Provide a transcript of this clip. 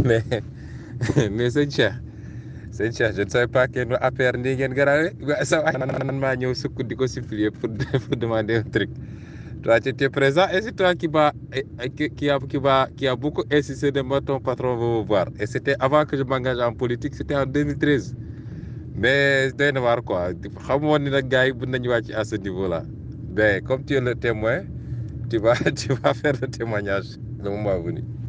mais mais sëñ Cheikh sëñ Cheikh je ne savais pas que APR nii ngeen garaawee sa waay maa ñëw sukk di ko supplier pour pour demander un truc toi tu étais présent et c'est toi qui m'a eh, qui a qui m'a qui a beaucoup insisté de moi ton patron veut me voir et c'était avant que je m'engage en politique c'était en 2013 mais doy na waar quoi ni nag gars yi bu nañu wàcc à ce niveau mais comme le témoin tu vas tu vas faire le témoignage le moment venu